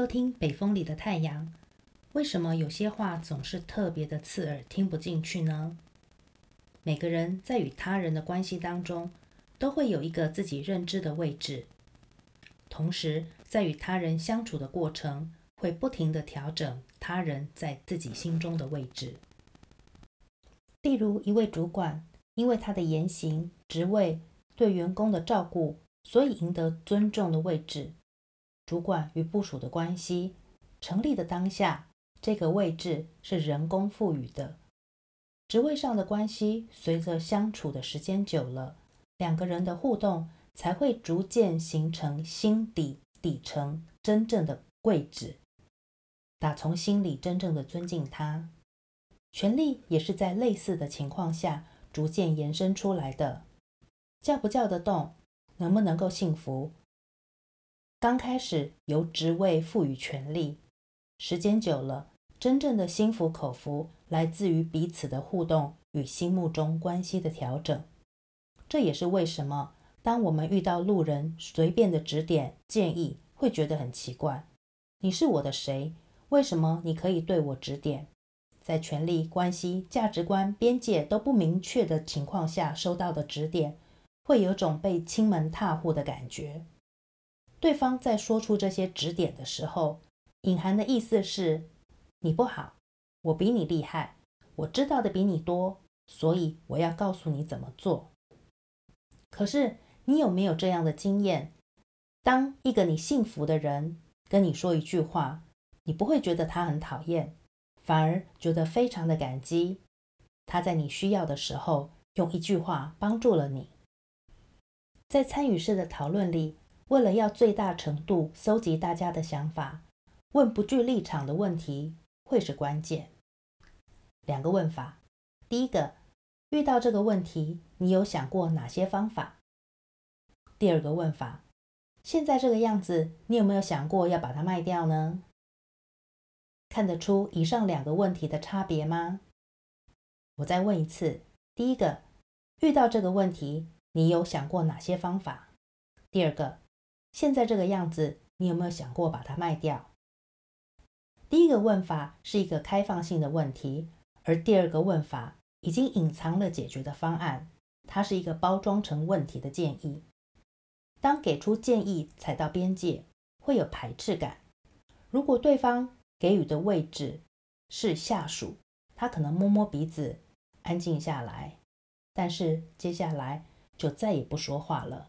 收聽北風裡的太陽。為什麼有些話總是特別的刺耳，聽不進去呢？每個人在與他人的關係當中，都會有一個自己認知的位置，同時在與他人相處的過程，會不停的調整他人在自己心中的位置。例如，一位主管因為他的言行、職位、對員工的照顧，所以贏得尊重的位置。主管與部署的關係成立的當下，這個位置是人工賦予的。職位上的關係，隨着相處的時間久了，兩個人的互動才會逐漸形成心底底層真正的位置，打從心裡真正的尊敬他。權力也是在類似的情況下逐漸延伸出來的。叫不叫得動，能不能夠心服？剛開始由職位賦予權力，時間久了，真正的心服口服來自於彼此的互動與心目中關係的調整。這也是為什麼，當我們遇到路人隨便的指點建議，會覺得很奇怪。你是我的誰？為什麼你可以對我指點？在權力、關係、價值觀、邊界都不明確的情況下，收到的指點，會有種被侵門踏戶的感覺。對方在說出這些指點的時候，隱含的意思是：你不好，我比你厲害，我知道的比你多，所以我要告訴你怎麼做。可是你有沒有這樣的經驗？當一個你信服的人跟你說一句話，你不會覺得他很討厭，反而覺得非常的感激。他在你需要的時候，用一句話幫助了你。在參與式的討論裡，為了要最大程度收集大家的想法，問不具立場的問題會是關鍵。兩個問法：第一個，遇到這個問題，你有想過哪些方法？第二個問法，現在這個樣子，你有沒有想過要把它賣掉呢？看得出以上兩個問題的差別嗎？我再問一次：第一個，遇到這個問題，你有想過哪些方法？第二個。現在這個樣子，你有沒有想過把它賣掉？第一個問法是一個開放性的問題，而第二個問法已經隱藏了解決的方案，它是一個包裝成問題的建議。當給出建議踩到邊界，會有排斥感。如果對方給予的位置是下屬，他可能摸摸鼻子，安靜下來，但是接下來就再也不說話了。